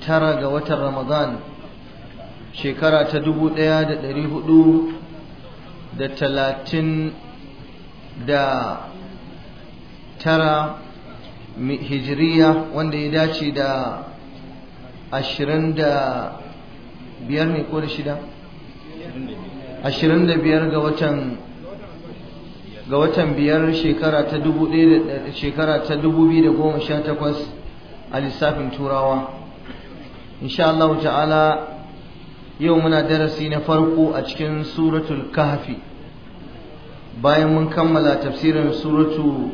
tara ga watan Ramadan shekara ta dubu ɗaya da ɗari hudu da talatin da tara hijiriya wanda ya dace da ashirin da biyar ne ko da shida? ashirin da biyar ga watan ga watan biyar shekara ta dubu shekara ta dubu biyu da goma sha takwas a lissafin turawa insha Allah ta'ala yau muna darasi na farko a cikin suratul kahfi bayan mun kammala tafsirin suratu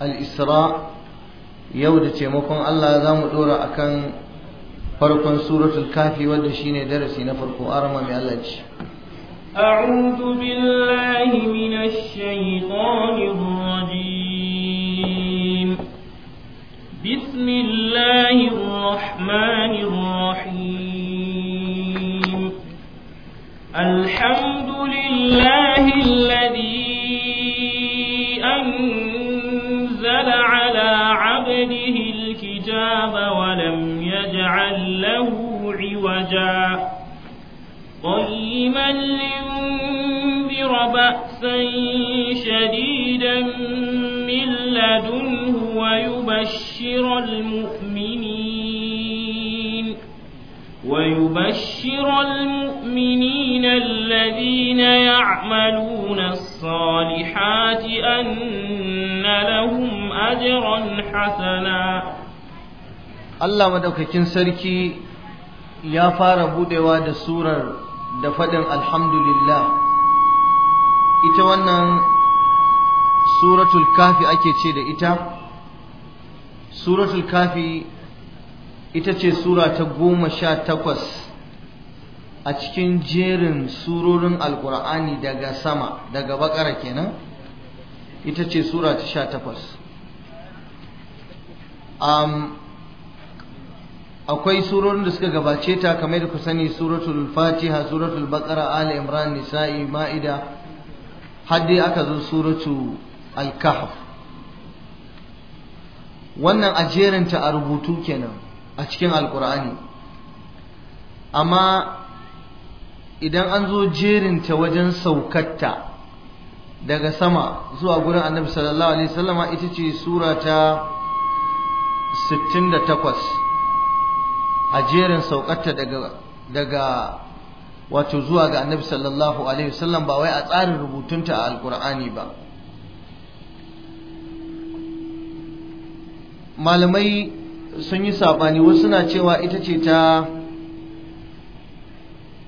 al-isra yau da taimakon Allah za mu dora akan farkon suratul kahfi wanda shine darasi na farko arama mai Allah ce أعوذ بالله من الشيطان الرجيم بسم الله الرحمن الرحيم الحمد لله الذي أنزل على عبده الكتاب ولم يجعل له عوجا قيما لينذر بأسا شديدا من لدنه ويبشر المؤمنين ويبشر المؤمنين الذين يعملون الصالحات أن لهم أجرا حسنا الله مدوككين سركي يا فاربو دوا da surar da faɗin alhamdulillah ita wannan suratul kafi ake ce da ita suratul kafi ita ce sura ta goma sha takwas a cikin jerin surorin alkur'ani daga sama daga bakara kenan ita ce sura ta sha takwas akwai surorin da suka gabace ta kamar da ku sani suratul fatiha suratul bakara ali imran nisa'i ma'ida har dai aka zo suratu al-kahf wannan a jerinta a rubutu kenan a cikin alkur'ani amma idan an zo jerinta wajen saukatta daga sama zuwa gurin annabi sallallahu alaihi wasallama ita ce sura ta 68 a jerin saukatta daga daga wato zuwa ga annabi sallallahu alaihi wasallam ba wai a tsarin rubutunta a alkur'ani ba malamai sun yi saɓani wasu na cewa ita ce ta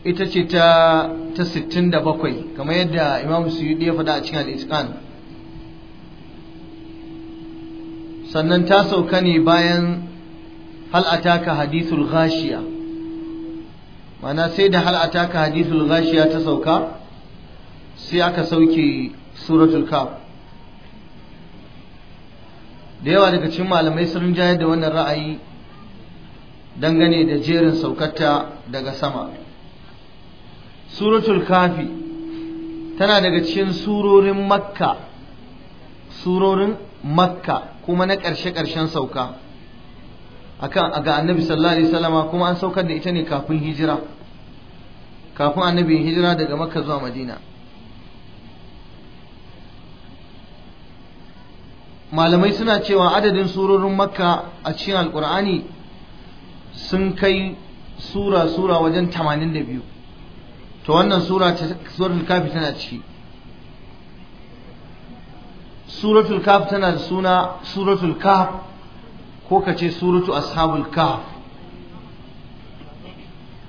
ita ce ta ta 67 kamar yadda imam yi ya faɗa a cikin al'iskan sannan ta sauka ne bayan hal'ataka hadithul ghashiya mana sai da hal'ataka hadithul ghashiya ta sauka sai aka sauke suratul kaf da yawa daga cikin malamai sun rinjayar da wannan ra'ayi dangane da jerin saukarta daga sama suratul kafi tana daga cikin surorin makka surorin makka kuma na ƙarshe-ƙarshen sauka akan ga annabi sallallahu alaihi wasallama kuma an saukar da ita ne kafin hijira kafin annabin hijira daga makka zuwa madina malamai suna cewa adadin surorin makka a cikin alkur'ani sun kai sura-sura wajen 82 to wannan sura ta suratul kafi tana ciki suratul kafi tana da suna suratul kaf ko ka ce suratu ashabul kaf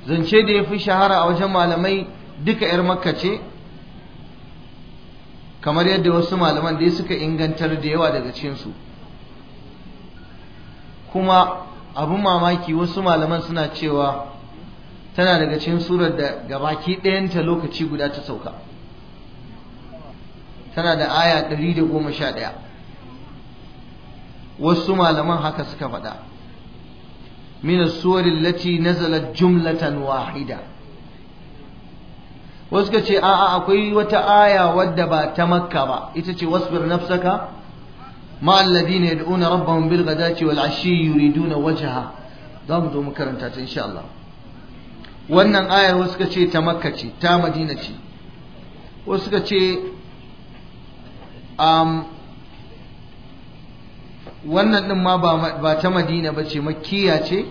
zance da ya fi shahara a wajen malamai duka 'yar makka ce kamar yadda wasu malaman dai suka ingantar da yawa daga cikinsu kuma abin mamaki wasu malaman suna cewa tana daga cikin surar da gabaki ɗayanta lokaci guda ta sauka tana da aya 111 wasu malaman haka suka faɗa min as-suwar lati nazalat jumlatan wahida wasu ka ce a'a akwai wata aya wadda ba ta makka ba ita ce wasbir nafsaka ma alladhina yad'una za bil walashi wal ashi duna wajaha. za mu zo mu karanta ta insha Allah wannan ayar wasu ka ce ta makka ce ta madina ce wasu ka ce wannan din ma ba ta madina ba ce makkiya ce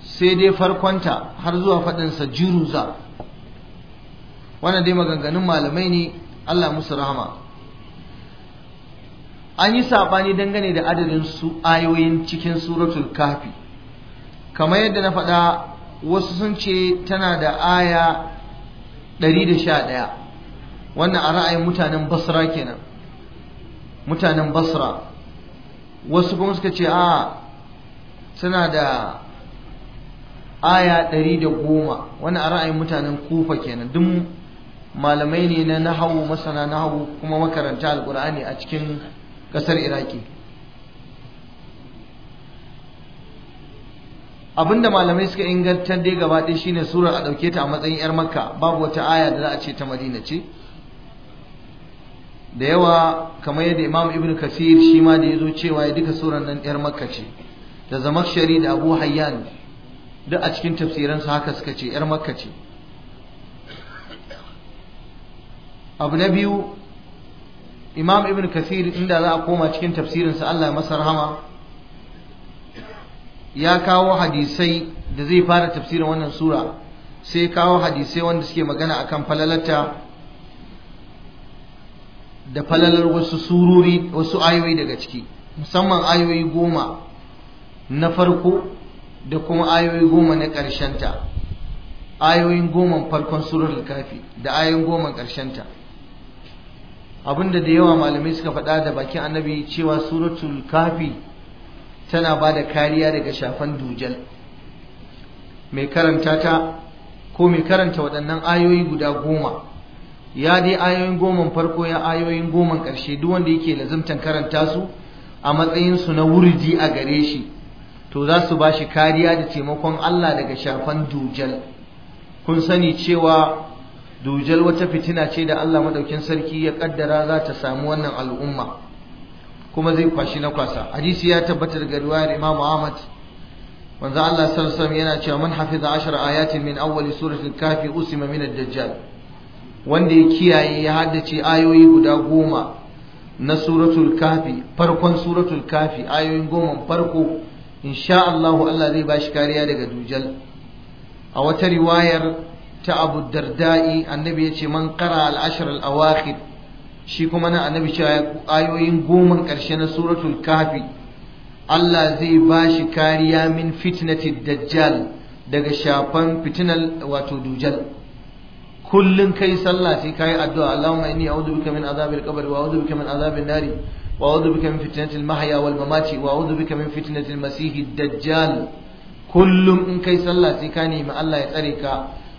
sai dai farkonta har zuwa faɗinsa za. wannan dai maganganun malamai ne Allah musu rahama an yi saɓani dangane da adadin su ayoyin cikin suratul kafi kamar yadda na faɗa wasu sun ce tana da aya 111 wannan a ra'ayin mutanen basra kenan mutanen basra wasu kuma suka ce a tana da aya 110 wannan a ra'ayin mutanen kufa kenan duk malamai ne na nahawu masana nahawu kuma makaranta alkur'ani a cikin kasar iraki abinda malamai suka ingantar dai gaba ɗaya shine surar a ɗauke ta a matsayin 'yar makka babu wata aya da za a ce ta madina ce da yawa kamar yadda imam ibn kasir shi ma da ya zo cewa ya duka surar nan 'yar makka ce da zamakshari da abu hayyan duk a cikin tafsiransu haka suka ce 'yar makka ce abu na biyu imam ibn kasir inda za a koma cikin tafsirinsa allah masa rahama ya kawo hadisai da zai fara tafsirin wannan sura sai kawo hadisai wanda suke magana akan falalata da falalar wasu sururi wasu ayoyi daga ciki musamman ayoyi goma na farko da kuma ayoyi goma na ƙarshenta ayoyin goma farkon surar kafi da ayoyin goma ƙarshenta abinda da yawa malamai suka faɗa da bakin annabi cewa suratul kafi tana ba da kariya daga shafan dujal mai karanta ta ko mai karanta waɗannan ayoyi guda goma ya dai ayoyin goman farko ya ayoyin goman ƙarshe duk wanda yake lazimtan karanta su a matsayin su na wurji a gare shi to za su ba shi kariya da taimakon Allah daga shafan dujal kun sani cewa dujal wata fitina ce da Allah madaukin sarki ya kaddara za ta samu wannan al'umma kuma zai kwashi na kwasa hadisi ya tabbata daga riwayar Imam Ahmad manzo Allah sallallahu alaihi yana cewa man hafiza ashar ayatin min awwali al kafi usima min ad-dajjal wanda ya kiyaye ya haddace ayoyi guda goma na suratul kafi farkon suratul kafi ayoyin goma farko insha Allah Allah zai bashi kariya daga dujal a wata riwayar ta abu dardai annabi ya ce man kara al'ashar al'awakhir shi kuma na annabi cewa ayoyin goma karshe na suratul kafi Allah zai ba shi kariya min fitnati dajjal daga shafan fitinal wato dujal kullum kai sallah sai kai addu'a Allahumma inni a'udhu bika min azabil qabr wa a'udhu bika min azabin nari وأعوذ بك من فتنة المحيا والممات وأعوذ بك من فتنة المسيح الدجال كل إن كي صلى Allah ya tsare ka.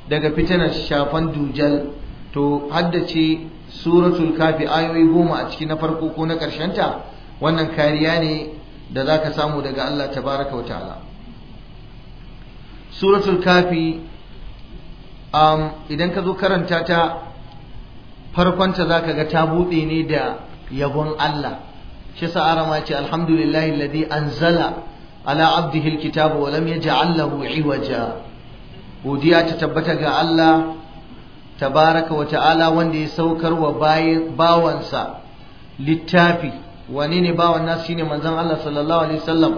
daga fitanar shafan dujal to haddace suratul kafi ayoyi goma a ciki na farko ko na ta, wannan kariya ne da za ka samu daga Allah tabaraka wa ta'ala suratul kafi um, idan ka zo karanta ta farkonta za ka ga ta buɗe ne da yabon Allah shi sa'ara ma ce alhamdulillahi an anzala ala abdihil walam wa lam yaj'al lahu iwaja godiya ta tabbata ga Allah tabaraka wa ta'ala wanda ya saukar wa bawansa littafi wani ne bawan nasu shine manzon Allah sallallahu alaihi wasallam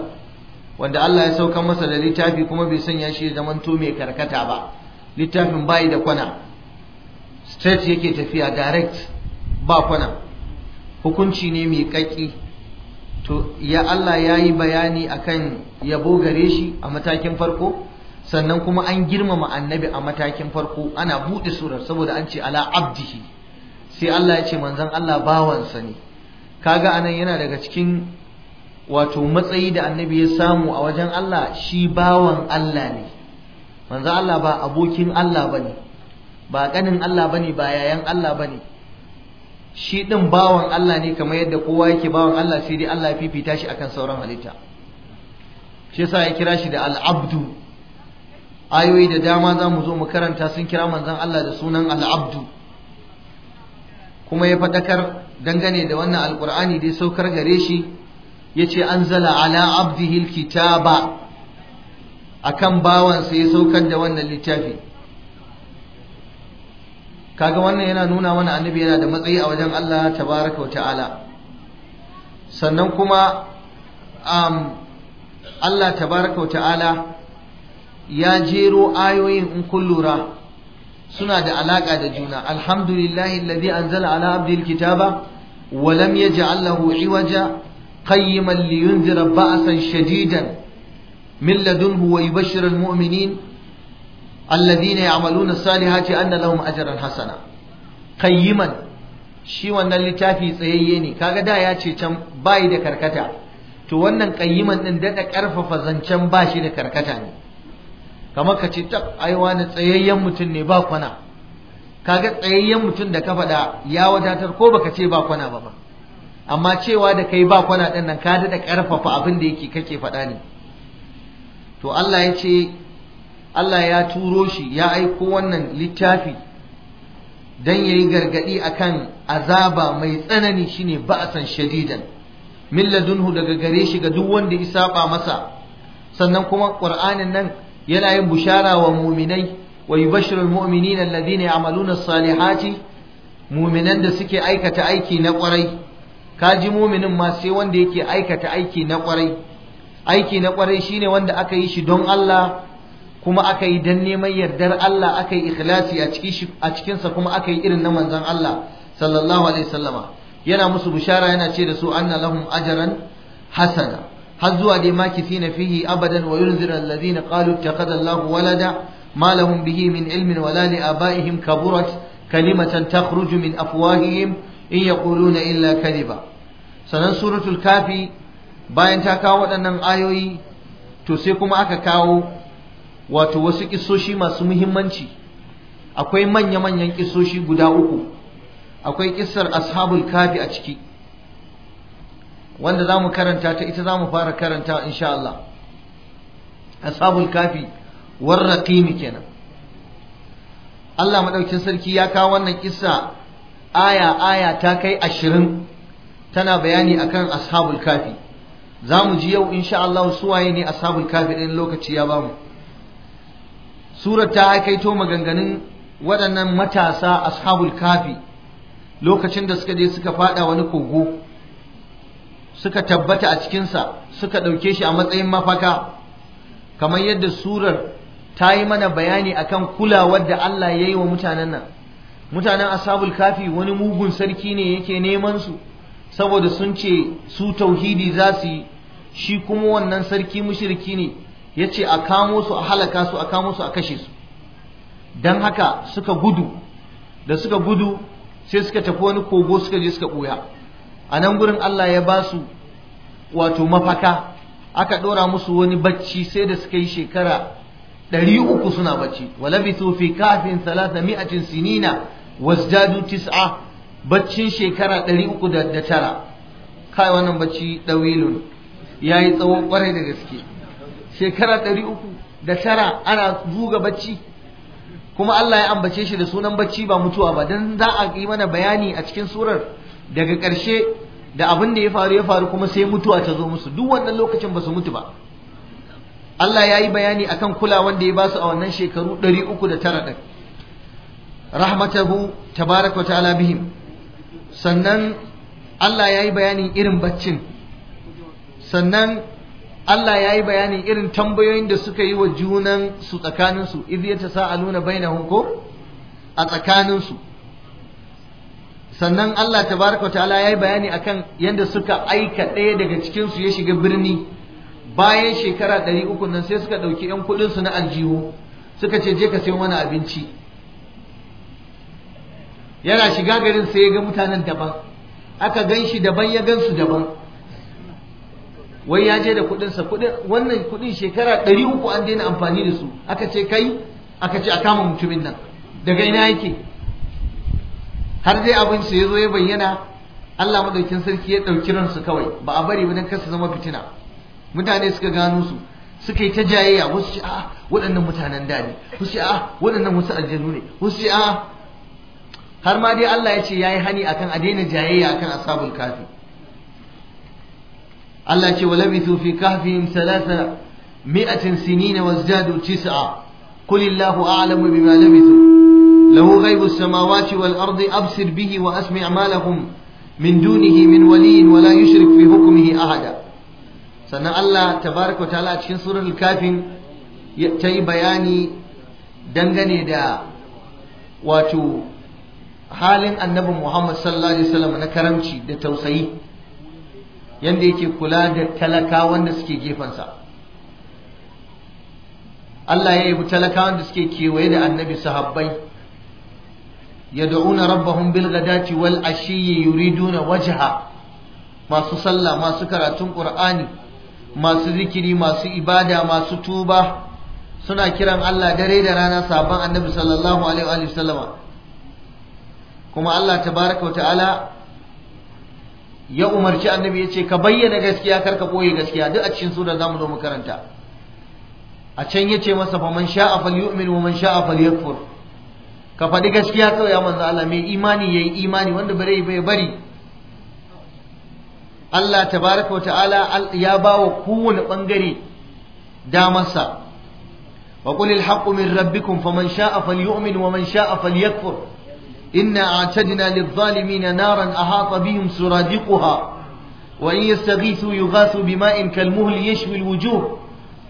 wanda Allah ya saukar masa da littafi kuma bai sanya shi zama to mai karkata ba littafin bai da kwana straight yake tafiya direct ba kwana hukunci ne mai kaki to ya Allah ya yi bayani akan yabo gare shi a matakin farko sannan kuma an girmama annabi a matakin farko ana buɗe surar saboda an ce ala abdihi sai Allah ya ce manzon Allah bawansa ne kaga anan yana daga cikin wato matsayi da annabi ya samu a wajen Allah shi bawan Allah ne manzon Allah ba abokin Allah bane ba ganin Allah bane ba yayan Allah bane shi din bawan Allah ne kamar yadda kowa yake bawan Allah sai dai Allah ya fifita shi akan sauran halitta shi yasa ya kira shi da al-abdu ayoyi da dama za mu zo mu karanta sun kira manzon Allah da sunan al'abdu kuma ya faɗakar dangane da wannan alƙur'ani da ya saukar gare shi ya ce an zala ala abdihil kitaba a kan bawansa ya saukar da wannan littafi kaga wannan yana nuna mana annabi yana da matsayi a wajen Allah tabaraka wa ta'ala sannan kuma Allah tabaraka wa ta'ala ya jero ayoyin in kun lura suna da alaƙa da juna alhamdulillahi alladhi anzala ala abdil kitaba wa lam yaj'al lahu iwaja qayyiman liyunzira ba'san shadidan min ladunhu wa yubashshira almu'minin alladhina ya'maluna as-salihati anna lahum ajran hasana qayyiman shi wannan littafi tsayayye ne kaga da ya ce can bayi da karkata to wannan qayyiman din da karfafa zancen bashi da karkata ne kamar ka ce tab aiwa tsayayyen mutum ne ba kwana kaga tsayayyen mutum da ka faɗa ya wadatar ko baka ce ba kwana ba ba amma cewa da kai ba kwana ɗin nan ka daɗa ƙarfafa abin da yake kake faɗa ne to Allah ya ce Allah ya turo shi ya aiko wannan littafi dan yayi gargadi akan azaba mai tsanani shine ba'san shadidan min ladunhu daga gare shi ga duk wanda ya saba masa sannan kuma qur'anin nan yana yin bushara wa muminai wa yubashshirul mu'minina alladhina ya'maluna as-salihati muminan da suke aikata aiki na kwarai kaji muminin ma sai wanda yake aikata aiki na kwarai aiki na kwarai shine wanda aka yi shi don Allah kuma aka yi dan neman yardar Allah aka yi ikhlasi a cikin a cikin sa kuma aka yi irin na manzon Allah sallallahu alaihi wasallama yana musu bushara yana ce da su anna lahum ajran hasana har zuwa dai makithina fihi abadan wa yunzira alladhina qalu ittakhadha Allahu walada ma lahum bihi min ilmin wala li abaihim kaburat kalimatan takhruju min afwahihim in yaquluna illa kadhiba sanan suratul kafi bayan ta kawo waɗannan ayoyi to sai kuma aka kawo wato wasu kisoshi masu muhimmanci akwai manya-manyan kisoshi guda uku akwai kissar ashabul kafi a ciki wanda za mu karanta ta ita za mu fara karanta insha'Allah. Allah ashabul kafi war raqimi kenan Allah maɗaukin sarki ya kawo wannan kissa aya aya ta kai ashirin tana bayani akan ashabul kafi za mu ji yau insha'Allah Allah suwaye ne ashabul kafi ɗin lokaci ya bamu surar ta to maganganun waɗannan matasa ashabul kafi lokacin da suka je suka faɗa wani kogo suka tabbata a cikinsa suka ɗauke shi a matsayin mafaka kamar yadda surar ta yi mana bayani akan kulawar da Allah ya yi wa mutanen nan mutanen asabul kafi wani mugun sarki ne yake neman su saboda sun ce su tauhidi za su yi shi kuma wannan sarki mushriki ne ya ce a kamo su a halaka su a kamo su a kashe su don haka suka gudu da suka gudu sai suka tafi wani kogo suka je suka ɓuya a nan gurin Allah ya ba su wato mafaka aka ɗora musu wani bacci sai da suka yi shekara ɗari uku suna bacci bi fi kafin talata mi'atin sinina wasjadu tis'a baccin shekara ɗari uku da tara kai wannan bacci ɗawilun ya yi tsawo ƙwarai da gaske shekara ɗari uku da tara ana buga bacci kuma Allah ya ambace shi da sunan bacci ba mutuwa ba don za a yi mana bayani a cikin surar daga ƙarshe da abin da ya faru ya faru kuma sai mutuwa ta zo musu duk wannan lokacin ba su mutu ba Allah ya yi bayani akan kulawan da ya ba su a wannan shekaru 309 ɗin rahmatahu wa ta'ala bihim sannan Allah ya yi bayanin irin baccin sannan Allah ya yi bayanin irin tambayoyin da suka yi wa junan su tsakaninsu idh sa'aluna bainahum ko a tsakaninsu sannan Allah wa ta'ala ya yi bayani akan yadda suka aika ɗaya daga cikinsu ya shiga birni bayan shekara ɗari uku nan sai suka ɗauki 'yan kuɗinsu na aljihu suka ce je ka sayo mana abinci yana shiga garin sai ya ga mutanen daban aka gan shi daban ya gan su daban wai ya je da kuɗinsa kuɗin wannan kuɗin shekara ɗari uku an daina amfani da su aka ce kai aka ce a kama mutumin nan daga ina yake har dai abin ya yazo ya bayyana Allah madaukin sarki ya dauki ransu kawai ba a bari ba dan zama fitina mutane suka gano su suka yi ta jayayya wasu ce a'a ah, waɗannan mutanen da ne wasu ce a'a ah, waɗannan wasu aljanu ne wasu ce a'a ah. har ma dai Allah ya ce ya yi hani akan a daina jayayya akan asabul kafi Allah ce walabithu fi kahfihim thalatha mi'atin sinina wazdadu tis'a qul a'lamu bima labithu له غيب السماوات والأرض أبصر به وأسمع ما لهم من دونه من ولي ولا يشرك في حكمه أحدا sannan Allah tabaraka wa ta'ala cikin surar al ta yi bayani dangane da wato halin annabi Muhammad sallallahu alaihi wasallam na karamci da tausayi yanda yake kula da talaka wanda suke gefensa Allah ya yabi talakawan da suke kewaye da annabi sahabbai yad'una rabbahum bil ghadati wal ashi yuriduna wajha masu sallah masu karatun qur'ani masu zikiri masu ibada masu tuba suna kiran Allah dare da rana saban annabi sallallahu alaihi wa sallama kuma Allah tabaraka wa ta'ala ya umarci annabi ya ce ka bayyana gaskiya kar ka ɓoye gaskiya duk a cikin sura zamu zo mu karanta a can ya ce masa fa man sha'a falyu'min wa man sha'a falyakfur ka faɗi gaskiya kawai ya manzo Allah mai imani yayi imani wanda bare yi bai bari Allah tabaraka wa ta'ala ya bawa kowane bangare damarsa wa qul al min rabbikum faman sha'a falyu'min wa man sha'a falyakfur inna a'tadna lidh-dhalimin naran ahata bihim suradiquha wa in yastaghithu yughathu bima'in kalmuhli yashwi al-wujuh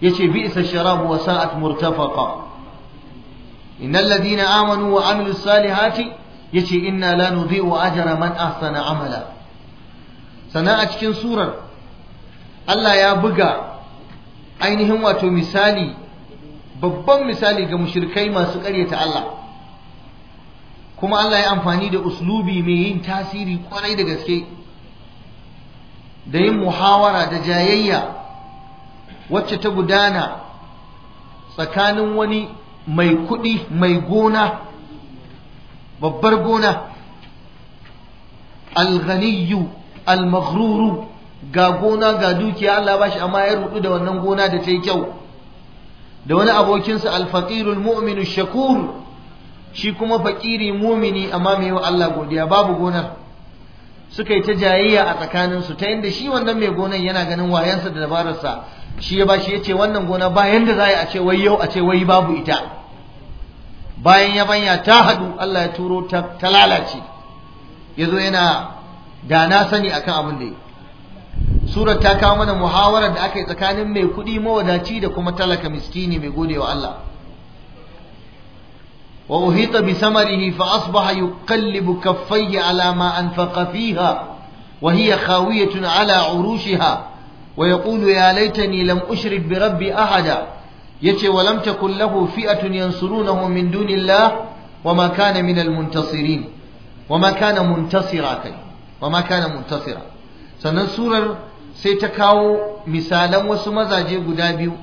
yace bi'sa ash-sharabu wa sa'at murtafaqa innal الذين amanu wa الصالحات salihati yace inna la nudhi'u من man عملا amala sannan cikin surar Allah ya buga ainihin wato misali babban misali ga mushrikai masu ƙaryata Allah kuma Allah ya amfani da uslubi mai yin tasiri kwarai da gaske da yin muhawara da jayayya wacce ta gudana tsakanin wani mai kuɗi mai gona babbar gona alghaniyu almaghruru ga gona ga dukiya Allah ba shi amma ya rudu da wannan gona da ta yi kyau da wani abokinsa alfaqirul mu'minu shakur shi kuma faƙiri mumini amma mai wa Allah godiya babu gonar suka yi ta jayayya a tsakaninsu ta yadda shi wannan mai gonar yana ganin wayansa da dabararsa shi ya bashi shi ya ce wannan gona ba yadda za a ce wai yau a ce wai babu ita bayan yabanya ta haɗu Allah ya turo ta lalace ya zo yana da na sani akan abin da yi surar ta kawo mana muhawarar da aka yi tsakanin mai kuɗi mawadaci da kuma talaka miskini mai gode wa Allah wa uhita bi samarihi fa asbaha yuqallibu kaffayhi ala ma anfaqa fiha wa hiya khawiyatun ala urushiha wa yaqulu ya laitani lam ushrik bi rabbi ahada yace walam takul lahu fi'atun yansurunahu min dunillah wama kana minal wama kana muntasira kai wama kana muntasira sannan surar sai ta kawo misalan wasu mazaje guda biyu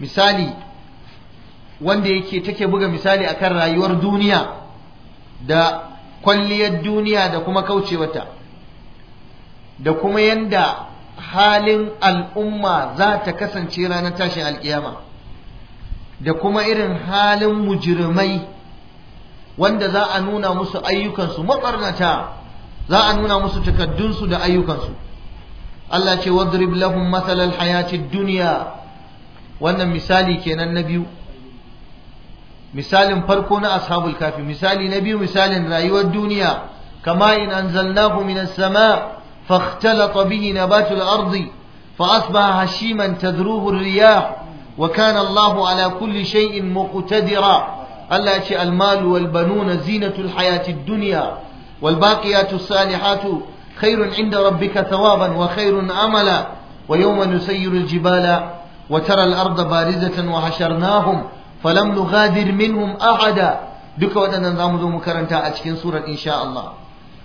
misali wanda yake take buga misali akan rayuwar duniya da kwalliyar duniya da kuma kaucewata da kuma yanda halin al'umma za ta kasance ranar tashin alkiyama da kuma irin halin mujirmai wanda za a nuna musu ayyukansu maɓarnata za a nuna musu takaddunsu da ayyukansu Allah ce wadrib lahum matsalar hayati duniya wannan misali kenan na biyu misalin farko na ashabul kafi misali na biyu misalin rayuwar duniya kama in anzalnahu minas sama' فاختلط به نبات الأرض فأصبح هشيما تذروه الرياح وكان الله على كل شيء مقتدرا ألا يشاء المال والبنون زينة الحياة الدنيا والباقيات الصالحات خير عند ربك ثوابا وخير أملا ويوم نسير الجبال وترى الأرض بارزة وحشرناهم فلم نغادر منهم أحدا بك waɗannan za mu zo mu karanta إن شاء الله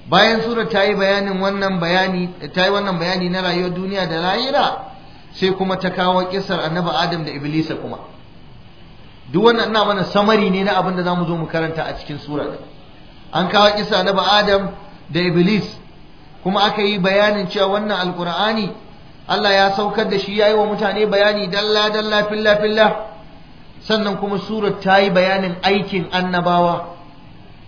bayan sura ta yi bayanin wannan bayani ta yi wannan bayani na rayuwar duniya da lahira sai kuma ta kawo kisar annabi adam da iblisa kuma duk wannan ina mana samari ne na abin da zamu zo mu karanta a cikin sura an kawo kisa annabi adam da iblis kuma aka yi bayanin cewa wannan alkur'ani Allah ya saukar da shi yayi wa mutane bayani dalla dalla filla filla sannan kuma surar ta yi bayanin aikin annabawa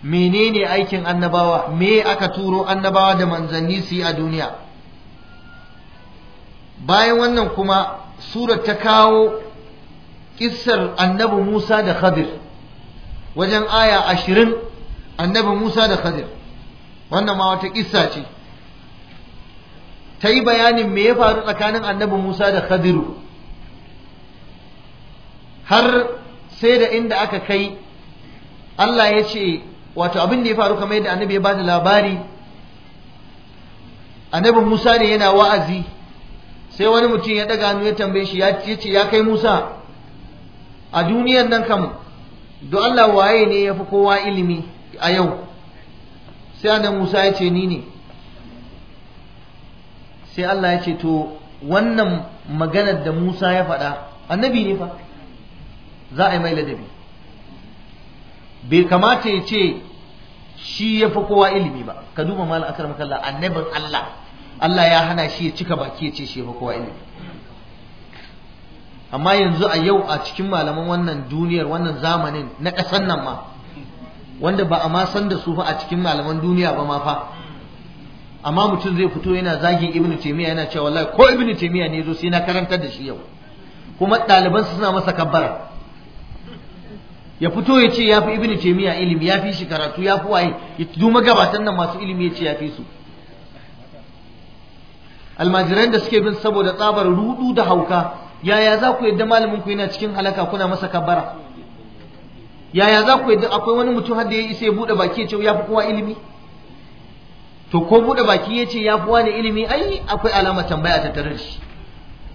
menene aikin annabawa me aka turo annabawa da manzanni su yi a duniya bayan wannan kuma surar ta kawo kissar annabi musa da khadir wajen aya ashirin annabi musa da khadir wannan ma wata kissa ce ta yi bayanin me ya faru tsakanin annabi musa da khadiru har sai da inda aka kai Allah ya ce wato abin da ya faru kamar yadda annabi ya ba da labari annabi Musa ne yana wa'azi sai wani mutum ya daga hannu ya tambaye shi ya ce ya kai Musa a duniyar nan kam don Allah waye ne ya fi kowa ilimi a yau sai annabi Musa ya ce ni ne sai Allah ya ce to wannan maganar da Musa ya faɗa annabi ne fa za a yi mai ladabi bai kamata ya ce shi ya fi kowa ilimi ba ka duba mal akram annabin Allah Allah ya hana shi ya cika baki ya ce shi ya fi kowa ilimi amma yanzu a yau a cikin malaman wannan duniyar wannan zamanin na ƙasan nan ma wanda ba a ma san da su fa a cikin malaman duniya ba ma fa amma mutum zai fito yana zagin ibnu taymiya yana cewa wallahi ko ibnu taymiya ne zo sai na karantar da shi yau kuma ɗalibansu suna masa kabbara ya fito ya ce ya fi ibini taimiyya ilimi ya fi shi karatu ya fi waye ya duma magabatan nan masu ilimi ya ce ya fi su almajiran da suke bin saboda tsabar rudu da hauka yaya za ku yadda malamin ku yana cikin halaka kuna masa kabara yaya za ku yadda akwai wani mutum har da ya isa ya buɗe baki ya ce ya fi kowa ilimi to ko buɗe baki ya ce ya fi wani ilimi ai akwai alama tambaya ta tare da shi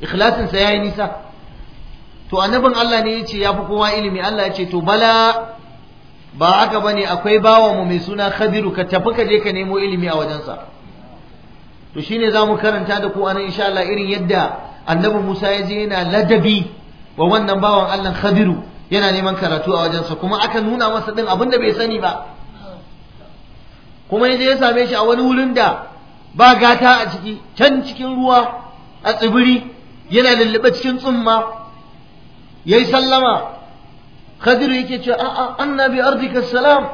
ikhlasinsa ya yi nisa to annabin Allah ne yace yafi kowa ilimi Allah yace to bala ba haka bane akwai bawa mu mai suna Khadiru ka tafi ka je ka nemo ilimi a wajensa to shine zamu karanta da ku anan insha Allah irin yadda annabi Musa ya je yana ladabi wa wannan bawan Allah Khadiru yana neman karatu a wajensa kuma aka nuna masa din abin da bai sani ba kuma yaje ya same shi a wani wurin da ba gata a ciki can cikin ruwa a tsibiri yana lullube cikin tsumma yayi sallama khadir yake ce a'a annabi ardika salam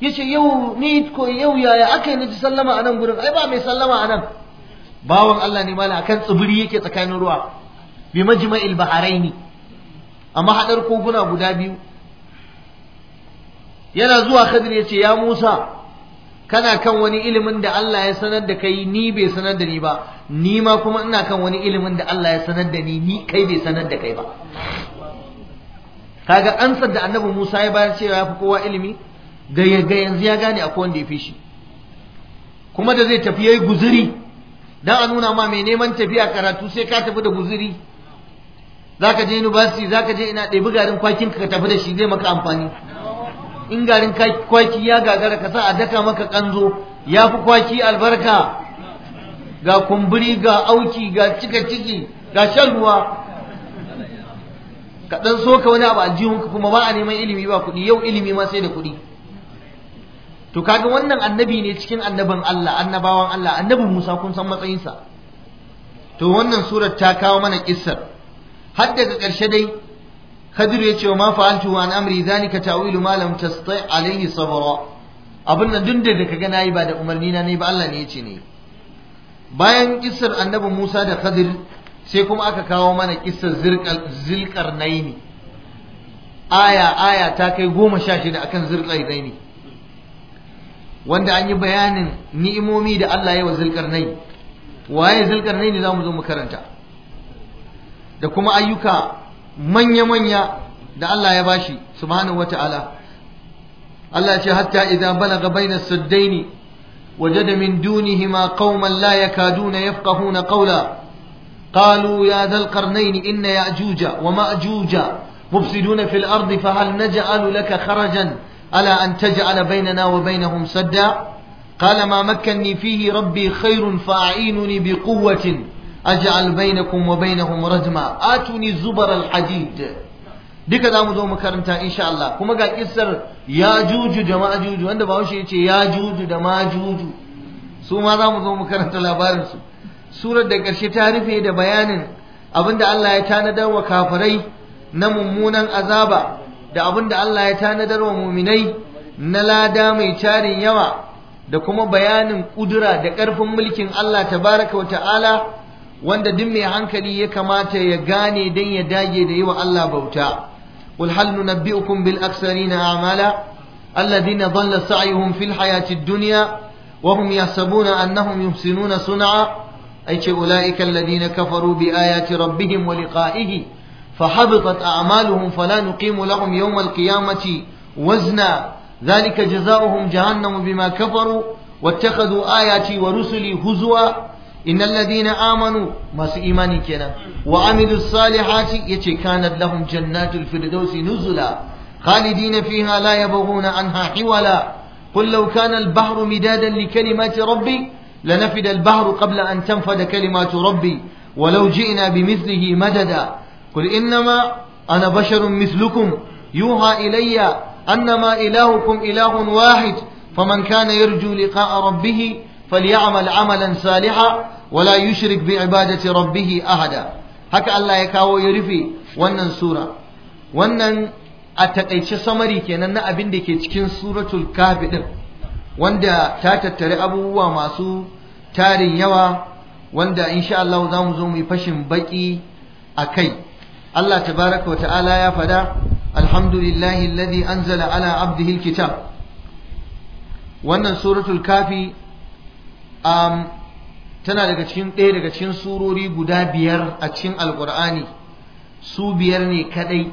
yace yau ni ko yau yaya aka yi naji sallama anan nan gurin ai ba mai sallama anan. bawan Allah ne mala akan tsibiri yake tsakanin ruwa bi majma'il baharaini a mahaɗar koguna guda biyu yana zuwa khadir yace ya Musa kana kan wani ilimin da Allah ya sanar da kai ni bai sanar da ni ba ni ma kuma ina kan wani ilimin da Allah ya sanar da ni ni kai bai sanar da kai ba kaga ansar da annabi Musa ya bayar cewa ya fi kowa ilimi ga yanzu ya gane akwai wanda ya fi shi kuma da zai tafi yayi guzuri dan a nuna ma mai neman tafiya karatu sai ka tafi da guzuri zaka je university zaka je ina ɗebi garin kwakin ka tafi da shi zai maka amfani in garin kwaki ya gagara ka sa a daka maka kanzo ya fi kwaki albarka ga kumburi ga auki ga cika ciki ga shan ruwa ka dan ka wani abu a aljihunka kuma ba a neman ilimi ba kuɗi yau ilimi ma sai da kuɗi to kaga wannan annabi ne cikin annabin Allah annabawan Allah annabin Musa kun san matsayinsa to wannan surar ta kawo mana kissar har daga ƙarshe dai Kadir ya ce wa ma fa'altu an amri zalika ta'wilu ma lam tasti' alayhi sabra abin nan duk da kaga nayi ba da umarni na ne ba Allah ne ya ce ne bayan kissar annabi Musa da Khadir sai kuma aka kawo mana kissar zilqar naini aya aya ta kai goma sha shida akan zirqal naini wanda an yi bayanin ni'imomi da Allah ya wa zilqar naini waye zilkar naini za mu zo mu karanta da kuma ayyuka manya-manya da Allah ya bashi subhanahu wata'ala Allah ya ce hatta idza balaga baina saddaini wajada min dunihima qauman la yakaduna yafqahuna qawla qalu ya dhal قالوا inna ya'juja wa ma'juja يأجوج fil ard fa hal فهل laka kharajan ala an taj'ala تجعل wa وبينهم sadda qala ma مكني fihi rabbi خير fa'inuni biquwwatin أجعل بينكم وبينهم رجما آتوني زبر الحديد duka za mu zo mu karanta insha Allah kuma ga kissar ya juju da majuju wanda bahaushe ya ce ya juju da majuju su ma za mu zo mu karanta labarinsu surar da ƙarshe ta rufe da bayanin abinda Allah ya tanadar wa kafirai na mummunan azaba da abinda Allah ya tanadar wa muminai na lada mai tarin yawa da kuma bayanin kudura da ƙarfin mulkin Allah tabaraka wa ta'ala wanda duk mai hankali ya kamata ya gane dan ya dage da yi wa Allah bauta qul hal nunabbi'ukum bil aksarina a'mala alladhina dhalla sa'yuhum fil hayati ad-dunya wa hum yahsabuna annahum yuhsinuna sun'a ay ce ulaika alladhina kafaru bi ayati rabbihim wa liqa'ihi فحبطت أعمالهم فلا نقيم لهم يوم القيامة وزنا ذلك جزاؤهم جهنم بما كفروا واتخذوا آياتي ورسلي هزوا innal ladina amanu masu imani kenan wa amilus salihati yace kanat lahum jannatul firdausi nuzula khalidina fiha hala ya anha hiwala qul law kana al bahru midadan li kalimati rabbi lanafida al bahru qabla an kalimatu rabbi ولو جئنا بمثله مددا قل إنما أنا بشر مثلكم يوحى إلي أنما إلهكم إله واحد فمن كان يرجو لقاء ربه فليعمل عملا صالحا wala yushrik bi ibadati rabbih ahada haka Allah ya kawo ya rufe wannan sura wannan a takaice samari kenan na abin da ke cikin suratul kafi din wanda ta tattare abubuwa masu tarin yawa wanda insha Allah za mu zo mu yi fashin baki a kai Allah tabaraka wa ta'ala ya fada alhamdulillahi alladhi anzala ala abdihi alkitab wannan suratul kafi um, tana daga cikin ɗaya daga cikin surori guda biyar a cikin alkur'ani su biyar ne kadai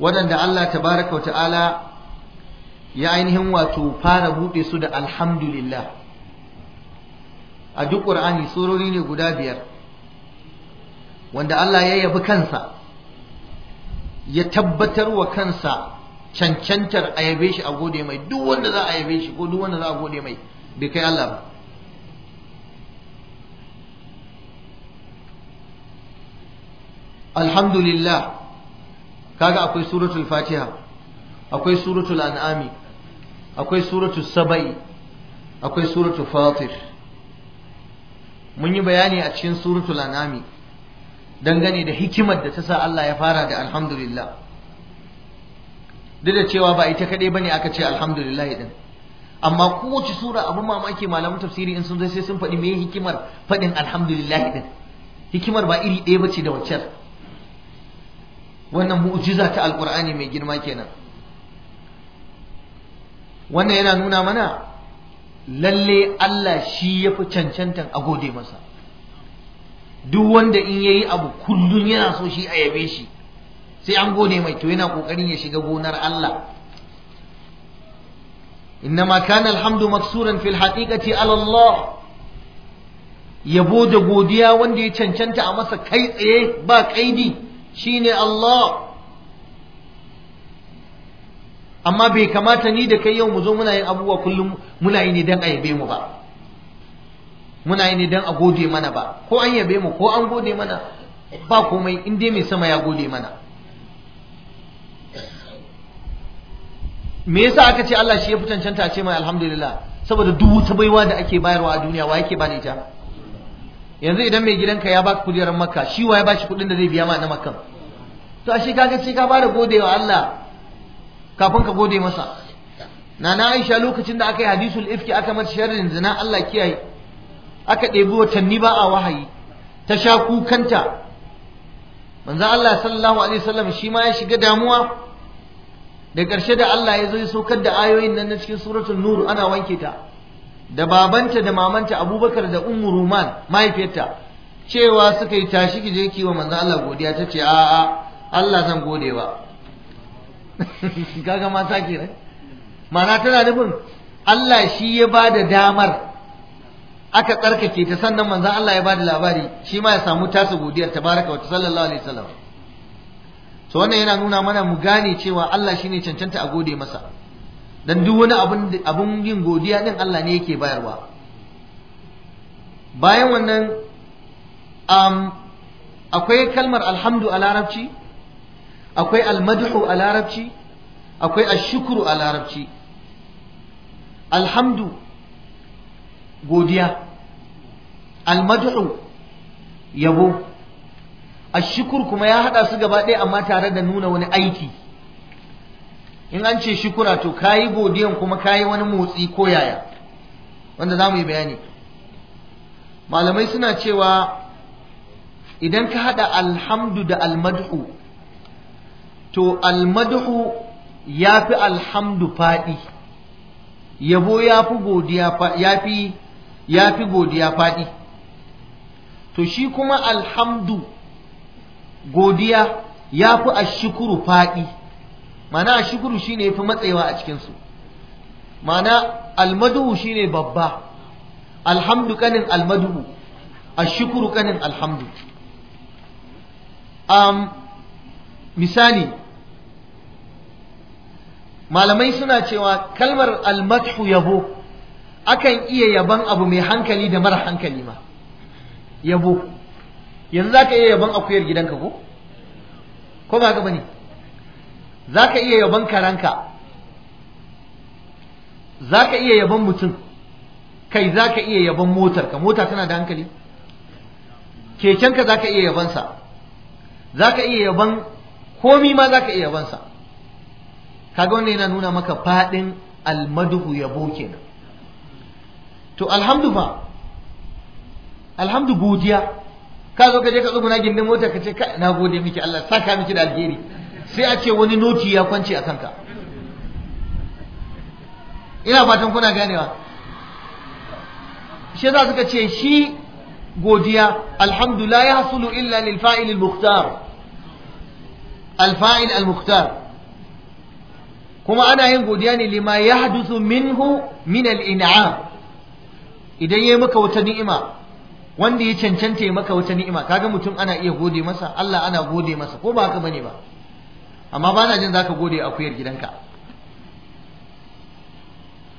waɗanda Allah tabaraka wa ta'ala ya ainihin wato fara buɗe su da alhamdulillah a duk ƙur'ani surori ne guda biyar wanda Allah ya yabi kansa ya tabbatar wa kansa cancantar a yabe shi a gode mai duk wanda za a yabe shi ko duk wanda za a gode mai bai kai Allah ba alhamdulillah kaga akwai suratul fatiha akwai suratul an'ami akwai suratul saba'i akwai suratul fatir mun yi bayani a cikin suratul an'ami dangane da hikimar da ta sa Allah ya fara da alhamdulillah duk da cewa ba ita kaɗai bane aka ce alhamdulillah din amma kowace sura abin mamaki malamin tafsiri in sun zai sai sun faɗi me hikimar faɗin alhamdulillah din hikimar ba iri ɗaya bace da waccan wannan mu'jiza ta alqur'ani mai girma kenan wannan yana nuna mana lalle Allah shi yafi fi cancantan a gode masa duk wanda in yayi abu kullun yana so shi a yabe shi sai an gode mai to yana kokarin ya shiga gonar Allah innama kana alhamdu maksuran fil haqiqati ala Allah yabo da godiya wanda ya cancanta a masa kai tsaye ba kaidi shine Allah amma bai kamata ni da kai yau mu zo muna yin abubuwa kullum muna yi ne don a yabe mu ba muna yi ne don a gode mana ba ko an yabe mu ko an gode mana ba komai in dai mai sama ya gode mana me yasa aka ce Allah shi ya fitancanta a ce mai alhamdulillah saboda duk wata baiwa da ake bayarwa a duniya wa yake ba da ita yanzu idan mai gidanka ya baka kujerar makka shi wa ya bashi kuɗin da zai biya ma na makkan to ashe kaga ce ka bada godewa Allah kafin ka gode masa nana Aisha lokacin da aka yi hadisul ifki aka mata sharrin zina Allah kiyaye aka ɗebi watanni ba a wahayi ta sha kukanta manzo Allah sallallahu alaihi wasallam shi ma ya shiga damuwa da ƙarshe da Allah ya zo ya saukar da ayoyin nan na cikin suratul nur ana wanke ta da babanta da mamanta abubakar da ummu ruman mahaifiyarta cewa suka yi tashi ki je kiwa manzo Allah godiya ta ce a'a Allah zan gode ba kaga mata ne? Mana tana nufin Allah shi ya ba da damar aka tsarkake ta sannan manzon Allah ya ba da labari shi ma ya samu tasa godiyar ta baraka wata sallallahu alaihi wasallam to wannan yana nuna mana mu gane cewa Allah shine cancanta a gode masa dan duk wani abun yin godiya din Allah ne yake bayarwa bayan wannan akwai kalmar alhamdu a larabci akwai almadhu a larabci akwai ashukuru a larabci alhamdu godiya almadhu yabo ashukur kuma ya hada su gaba ɗaya amma tare da nuna wani aiki in an ce shukura to kayi godiyan kuma kayi wani motsi ko yaya wanda za mu yi bayani malamai suna cewa idan ka haɗa alhamdu da almadhu to almadhu ya fi alhamdu faɗi yabo ya fi godiya faɗi to shi kuma alhamdu godiya ya fi ashukuru faɗi mana shukuru shine yafi matsayawa a cikin su mana almadu shine babba alhamdu kanin almadu ashukuru kanin alhamdu um, misali malamai suna cewa kalmar almadhu yabo akan iya yaban abu mai hankali da mara hankali ma yabo yanzu za ka iya yaban akuyar gidanka ko ko ba ga bane za ka iya yaban karanka za ka iya yaban mutum kai za ka iya yaban motarka mota tana da hankali kekenka za ka iya yabansa za ka iya yaban komi ma za ka iya yabansa kaga wannan yana nuna maka faɗin almaduhu yabo kenan to alhamdu fa alhamdu godiya ka zo ka je ka tsuguna gindin mota ka ce na gode miki Allah saka miki da alheri sai a ce wani noti ya kwance a kanka ina fatan kuna ganewa shi za suka ce shi godiya alhamdulillah ya hasulu illa lil fa'il al mukhtar Alfa'il al mukhtar kuma ana yin godiya ne lima ya hadusu minhu min al in'am idan yayi maka wata ni'ima wanda ya cancanta ya maka wata ni'ima kaga mutum ana iya gode masa Allah ana gode masa ko ba haka bane ba amma ba na jin ka gode akuyar gidanka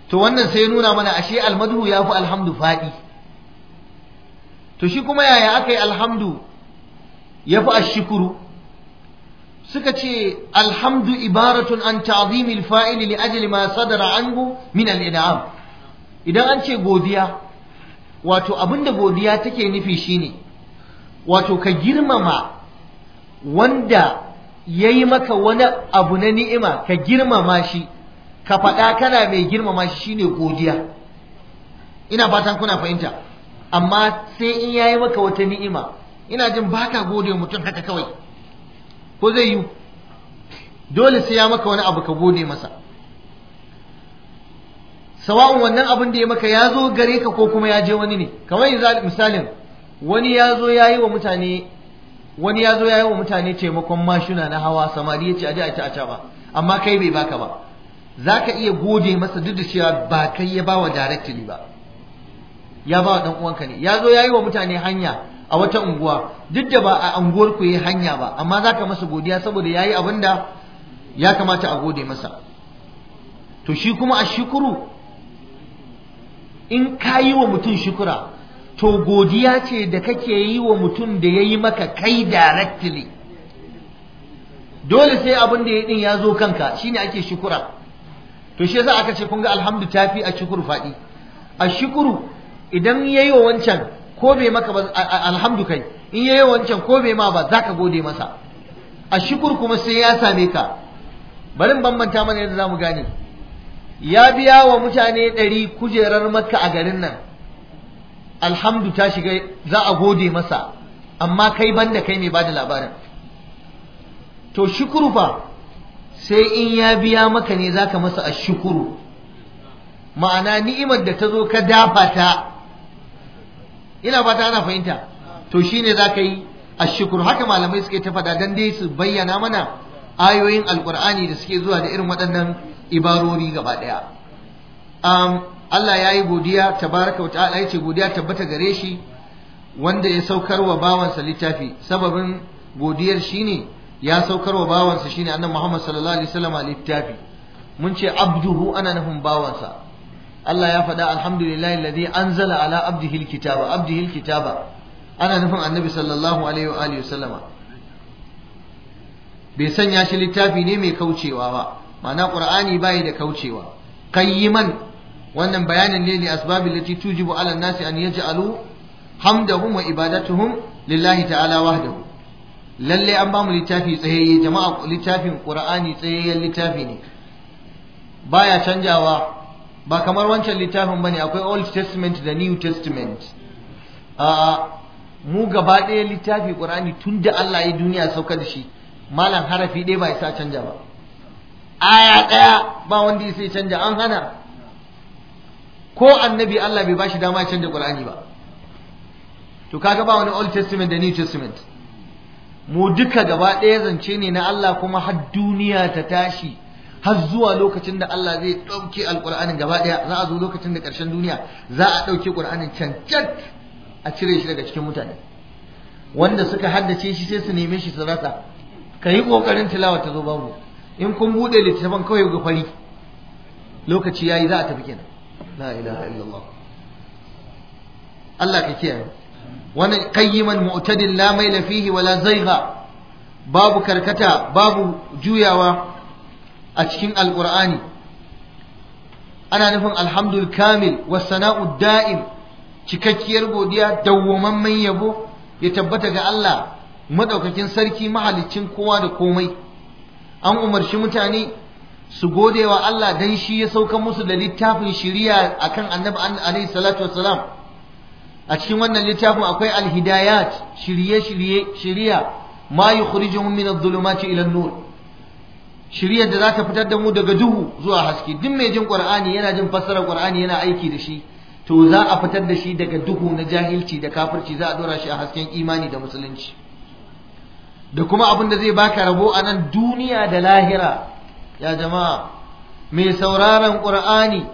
to wannan sai nuna mana ashe almadhu ya fi alhamdu faɗi to shi kuma yaya aka yi alhamdu ya fi ashikuru suka ce alhamdu ibaratun an ta'zimil fa'ili li ajli ma sadara anhu min al-in'am idan an ce godiya wato abinda godiya take nufi shine wato ka girmama wanda ya yi maka wani abu na ni'ima ka girmama shi ka faɗa kana mai girmama shi shine godiya ina fatan kuna fahimta amma sai in ya yi maka wata ni'ima ina jin ba ka gode mutum haka kawai ko zai yi dole sai ya maka wani abu ka gode masa sawa'un wannan abin da ya maka ya zo gare ka ko kuma ya je wani ne kamar misalin wani ya zo ya yi wa mutane wani ya zo ya yi wa mutane taimakon mashina na hawa samari ya ce aje a ci a ba amma kai bai baka ba za ka iya gode masa duk da cewa ba kai ya ba wa directly ba ya ba wa ɗan uwanka ne ya zo ya yi wa mutane hanya a wata unguwa duk da ba a unguwar ku yi hanya ba amma za ka masa godiya saboda ya yi abin da ya kamata a gode masa to shi kuma a shukuru in ka yi wa mutum shukura to godiya ce da kake yi wa mutum da ya yi maka kai directly dole sai abin da ya din ya zo kanka shine ake shukura to shi yasa aka ce kun ga alhamdu tafi a shukuru faɗi a shukuru idan ya yi wa wancan ko bai maka ba alhamdu kai in ya yi wa wancan ko bai ma ba za ka gode masa a shukuru kuma sai ya same ka barin bambanta mana yadda za mu gane ya biya wa mutane ɗari kujerar makka a garin nan alhamdu ta shiga za a gode masa amma kai banda kai mai da labarin to shukuru fa sai in ya biya maka ne zaka masa ashukuru ma'ana ni'imar da ta zo ka dafa ta ina fata ana fahimta to shine zaka yi ashukuru haka malamai suke ta fada dan dai su bayyana mana ayoyin alqur'ani da suke zuwa da irin waɗannan ibarori gaba ɗaya Allah ya yi godiya tabaraka wata'ala ya ce godiya tabbata gare shi wanda ya saukar wa bawansa littafi sababin godiyar shi ne ya saukar wa bawansa ne annan Muhammad sallallahu alaihi wasallam littafi mun ce abduhu ana nufin bawansa Allah ya faɗa alhamdulillahi alladhi anzala ala abdihi alkitaba abdihi alkitaba ana nufin annabi sallallahu alaihi wa alihi bai sanya shi littafi ne mai kaucewa ba ma'ana qur'ani bai da kaucewa qayyiman wannan bayanin ne ne asbabi lati tujibu ala nasi an yaj'alu hamdahum wa ibadatuhum lillahi ta'ala wahdahu lalle an bamu littafi tsayayye jama'a littafin qur'ani tsayayyen littafi ne baya canjawa ba kamar wancan littafin bane akwai old testament da new testament a mu gaba ɗaya littafi qur'ani tun Allah ya duniya sauka da shi malam harafi ɗaya ba sa canja ba aya ɗaya ba wanda ya sai canja an hana ko annabi Allah bai bashi dama ya canja Qur'ani ba to kaga ba wani Old Testament da New Testament mu duka gaba ɗaya zance ne na Allah kuma har duniya ta tashi har zuwa lokacin da Allah zai ɗauke alƙur'anin gaba ɗaya za a zo lokacin da ƙarshen duniya za a ɗauke ƙur'anin cancan a cire shi daga cikin mutane wanda suka haddace shi sai su neme shi su rasa ka yi ƙoƙarin tilawa ta zo babu in kun buɗe littafin kawai ga fari lokaci ya yi za a tafi kenan la ilaha illallah Allah ka kiyaye wani qayyiman mu'tadil la maila zaiga babu karkata babu juyawa a cikin alqur'ani ana nufin alhamdul kamil was sana'u da'im cikakkiyar godiya mai yabo ya tabbata ga Allah madaukakin sarki mahaliccin kowa da komai an umarci mutane su gode wa Allah dan shi ya sauka musu da littafin shiriya akan annabi alaihi salatu wassalam a cikin wannan littafin akwai alhidayat shirye shirye shiriya ma yukhrijuhum min adh-dhulumati ila an-nur shiriyar da zata fitar da mu daga duhu zuwa haske duk mai jin qur'ani yana jin fassarar qur'ani yana aiki da shi to za a fitar da shi daga duhu na jahilci da kafirci za a dora shi a hasken imani da musulunci da kuma abin da zai baka rabo a nan duniya da lahira ya jama'a mai sauraron ƙur'ani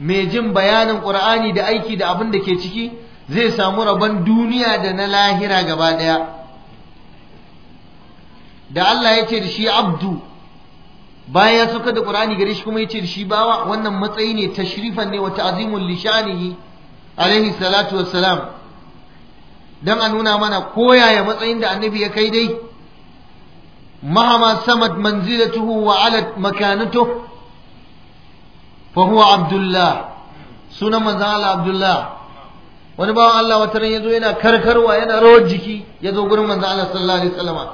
mai jin bayanin ƙur'ani da aiki da abin da ke ciki zai samu rabon duniya da na lahira gaba ɗaya da Allah ya ce da shi abdu baya ya da ƙur'ani gare shi kuma ya ce da shi bawa wannan matsayi ne tashrifan ne wa azimun lishanihi alaihi salatu wassalam dan a nuna mana koyaya matsayin da annabi ya kai dai مهما سمت منزلته وعلت مكانته فهو عبد الله sunan manzan Allah Abdullah wani bawan Allah wata ran yazo yana karkarwa yana rawar jiki yazo gurin manzan Allah sallallahu alaihi wasallama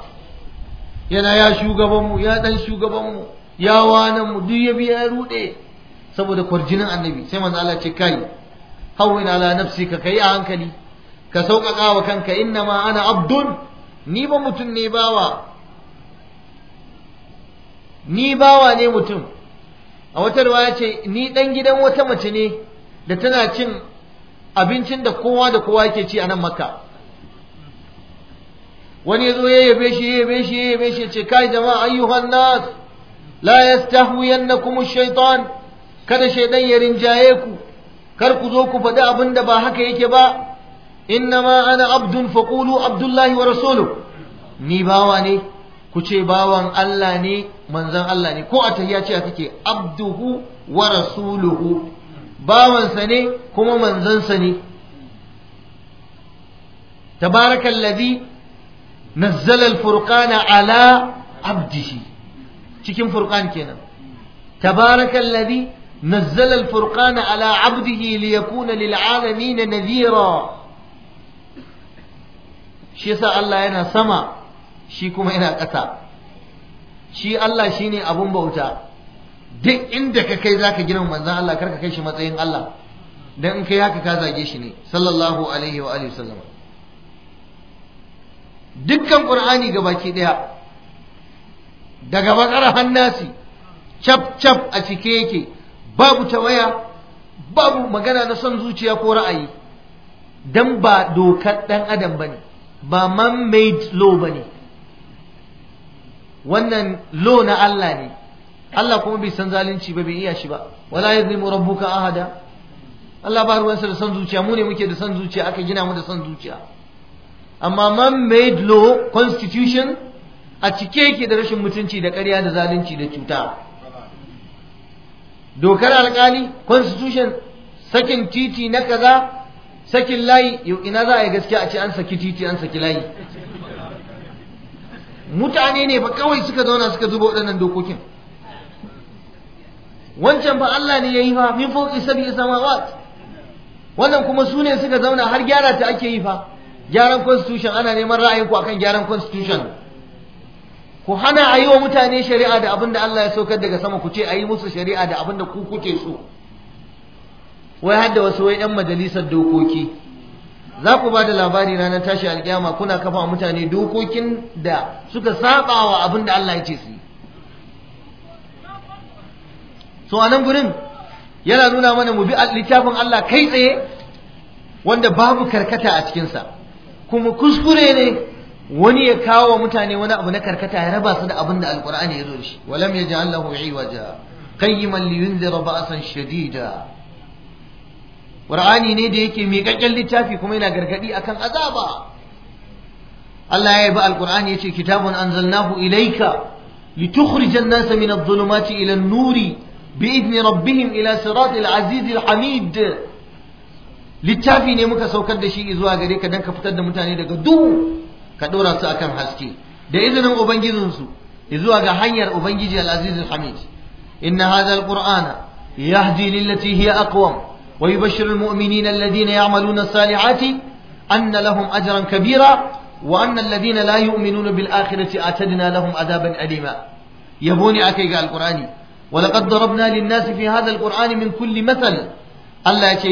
yana ya shugaban mu ya dan shugaban mu ya wanan mu duk ya ya rude saboda kwarjinin annabi sai manzan Allah ce kai hawwin ala nafsika kai a hankali ka sauƙaƙa wa kanka inna ma ana abdun ni ba mutum ne bawa ni bawa ne mutum a wata ruwa ce ni ɗan gidan wata mace ne da tana cin abincin da kowa da kowa yake ci a nan makka wani yazo ya yabe shi ya yabe shi ya yabe shi ce kai jama'a ayyuhan nas la yastahwiyannakum ash-shaytan kada shaydan ya rinjaye ku kar ku zo ku faɗi abin da ba haka yake ba innama ana abdun faqulu abdullahi wa rasuluhu ni bawa ne ku ce bawan Allah ne manzon Allah ne ko a tahiyya ce kake abduhu wa rasuluhu bawansa ne kuma manzansa ne tabarakallazi nazzala alfurqana ala abdihi cikin furqan kenan tabarakallazi nazzala alfurqana ala abdihi liyakuna lilalamin nadhira shi yasa Allah yana sama shi kuma yana ƙasa shi Allah shi ne abun bauta duk inda ka kai za ka gina manzan Allah karka kai shi matsayin Allah don in kai haka ka zage shi ne sallallahu alaihi wa alihi wasallam dukkan qur'ani baki daya daga bakar hannasi cap cap a cike yake babu ta waya babu magana na son zuciya ko ra'ayi dan ba dokar ɗan adam bane ba man made law bane wannan lo na Allah ne Allah kuma bai san zalunci ba bai iya shi ba wala yazlimu rabbuka ahada Allah ba ruwansa da san zuciya mu ne muke da san zuciya aka gina mu da san zuciya amma man made law constitution a cike yake da rashin mutunci da ƙarya da zalunci da cuta dokar alƙali, constitution sakin titi na kaza sakin layi yau ina za a yi gaskiya a ce an saki titi an saki layi mutane ne fa kawai suka zauna suka zuba waɗannan dokokin wancan fa Allah ne ya yi fa min fawqi sab'i samawat wannan kuma su ne suka zauna har gyara ta ake yi fa gyaran constitution ana neman ra'ayin ku akan gyaran constitution ku hana a yi wa mutane shari'a da abin da Allah ya saukar daga sama ku ce a yi musu shari'a da abin da ku kuke so wai hadda wasu wai 'yan majalisar dokoki za ku ba da labari ranar tashi alkiyama kuna kafa mutane dokokin da suka saba wa abin da Allah ya ce su yi so a nan gurin yana nuna mana mu bi littafin Allah kai tsaye wanda babu karkata a cikinsa kuma kuskure ne wani ya kawo wa mutane wani abu na karkata ya raba su da abin da alkur'ani ya zo da shi walam yaj'al lahu iwaja qayyiman liyunzira ba'san shadida qur'ani ne da yake miƙaƙƙen littafi kuma yana gargaɗi akan azaba Allah ya yi ba ya yace kitabun anzalnahu ilaika. litukhrijan nasa min adh-dhulumati ila nuri bi'izni rabbihim ila hamid littafi ne muka saukar da shi zuwa gare ka dan ka fitar da mutane daga duhu ka dora su akan haske da izinin ubangijinsu zuwa ga hanyar ubangiji al hamid inna hadha al-qur'ana yahdi lillati hiya aqwam ويبشر المؤمنين الذين يعملون الصالحات أن لهم أجرا كبيرا وأن الذين لا يؤمنون بالآخرة أعتدنا لهم عذابا أليما يبوني أكي قال القرآن ولقد ضربنا للناس في هذا القرآن من كل مثل الله يشي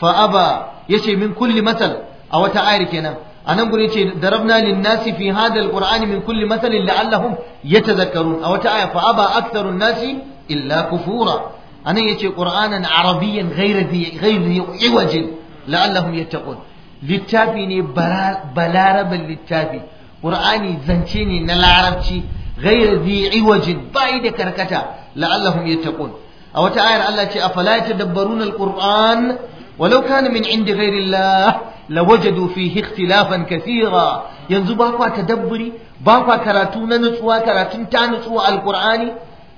فأبى يشي من كل مثل أو تعارك هنا أنا أقول يشي ضربنا للناس في هذا القرآن من كل مثل لعلهم يتذكرون أو تعالى فأبى أكثر الناس إلا كفورا anan yace qur'anan arabiyyan ghayra ghayri iwajin la'allahum yattaqun littafi ne balarabin littafi ƙur'ani zance ne na larabci ghayra dhi iwajin bai da karkata la'allahum yattaqun a wata ayar Allah ce afala yatadabbaruna alquran walau kana min inda ghayri Allah lawajadu fihi ikhtilafan kathira yanzu ba kwa tadabburi ba kwa karatu na nutsuwa karatun ta nutsuwa alqur'ani